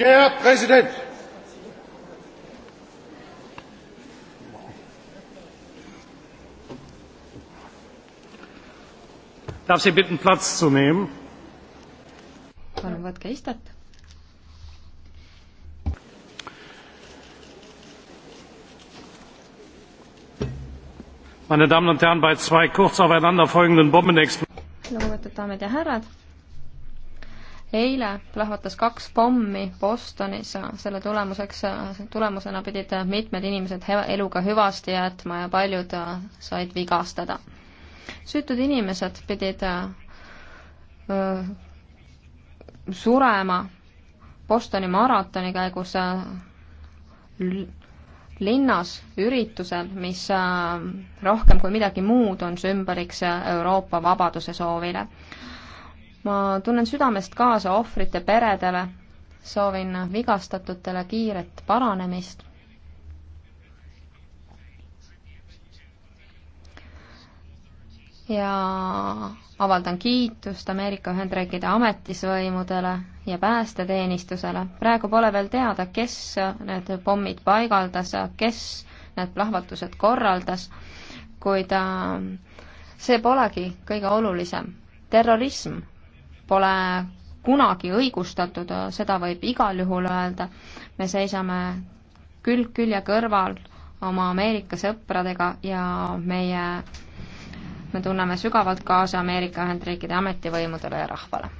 Der Präsident! Darf Sie bitten, Platz zu nehmen? Palun võtke istet. Meine Damen und Herren, bei zwei kurz aufeinander folgenden Bombenexplosionen lugupeetud daamid ja härrad, eile plahvatas kaks pommi Bostonis, selle tulemuseks, tulemusena pidid mitmed inimesed eluga hüvasti jätma ja paljud said vigastada. süütud inimesed pidid öö, surema Bostoni maratoni käigus linnas üritusel, mis rohkem kui midagi muud on sümboliks Euroopa vabaduse soovile ma tunnen südamest kaasa ohvrite peredele, soovin vigastatutele kiiret paranemist. ja avaldan kiitust Ameerika Ühendriikide ametisvõimudele ja päästeteenistusele. praegu pole veel teada, kes need pommid paigaldas, kes need plahvatused korraldas, kuid äh, see polegi kõige olulisem. terrorism pole kunagi õigustatud, seda võib igal juhul öelda. me seisame külg külje kõrval oma Ameerika sõpradega ja meie, me tunneme sügavalt kaasa Ameerika Ühendriikide ametivõimudele ja rahvale